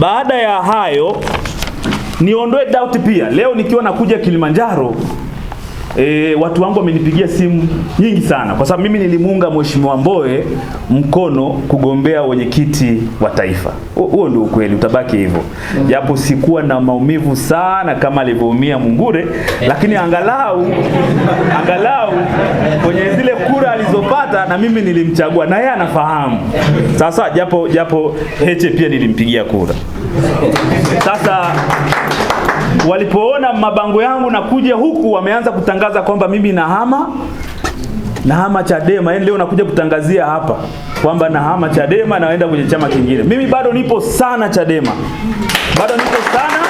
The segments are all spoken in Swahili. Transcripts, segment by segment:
Baada ya hayo niondoe doubt pia. Leo nikiwa nakuja Kilimanjaro e, watu wangu wamenipigia simu nyingi sana, kwa sababu mimi nilimuunga Mheshimiwa Mbowe mkono kugombea wenyekiti wa taifa. Huo ndio ukweli, utabaki hivyo, japo sikuwa na maumivu sana kama alivyoumia Mungure, eh. lakini angalau angalau hata na mimi nilimchagua na yeye anafahamu. Sasa japo japo Heche pia nilimpigia kura. Sasa walipoona mabango yangu na kuja huku, wameanza kutangaza kwamba mimi nahama nahama Chadema. Yani leo nakuja kutangazia hapa kwamba nahama Chadema, naenda kwenye chama kingine. Mimi bado nipo sana Chadema, bado nipo sana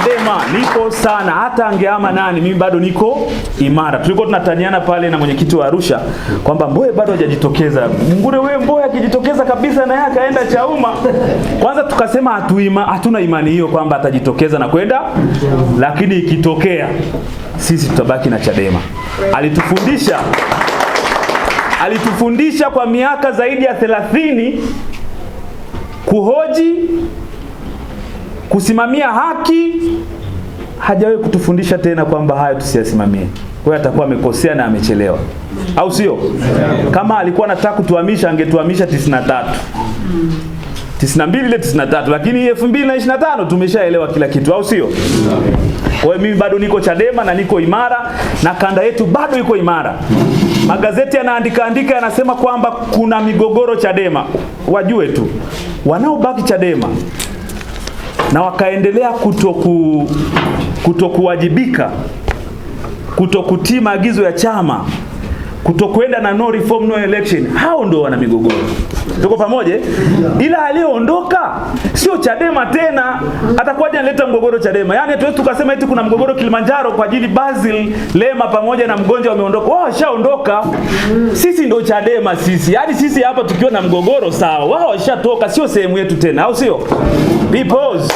Chadema nipo sana, hata angeama nani, mimi bado niko imara. Tulikuwa tunataniana pale na mwenyekiti wa Arusha kwamba Mbowe bado hajajitokeza. Mungure wewe, Mbowe akijitokeza kabisa na yeye akaenda Chauma, kwanza tukasema hatuima, hatuna imani hiyo kwamba atajitokeza na kwenda, lakini ikitokea sisi tutabaki na Chadema. Alitufundisha, alitufundisha kwa miaka zaidi ya thelathini kuhoji Kusimamia haki hajawahi kutufundisha tena kwamba haya tusiyasimamie. Kwa hiyo atakuwa amekosea na amechelewa, au sio? Kama alikuwa anataka kutuhamisha angetuhamisha 93 92 ile tatu lakini 2025 tumeshaelewa kila kitu, au sio? Kwa hiyo mimi bado niko Chadema na niko imara na kanda yetu bado iko imara. Magazeti yanaandika andika, yanasema kwamba kuna migogoro Chadema. Wajue tu wanaobaki Chadema na wakaendelea kutoku kutokuwajibika kutokutii maagizo ya chama kutokwenda na no reform no election, hao ndo wana migogoro. Tuko pamoja, ila aliyeondoka sio Chadema tena, atakuwaje analeta mgogoro Chadema? Yani tuwezi tukasema eti kuna mgogoro Kilimanjaro kwa ajili Basil Lema pamoja na mgonjwa wameondoka. Wao washaondoka, sisi ndo Chadema sisi. Yani sisi hapa tukiwa na mgogoro sawa, wao washatoka, sio sehemu yetu tena, au sio? Peoples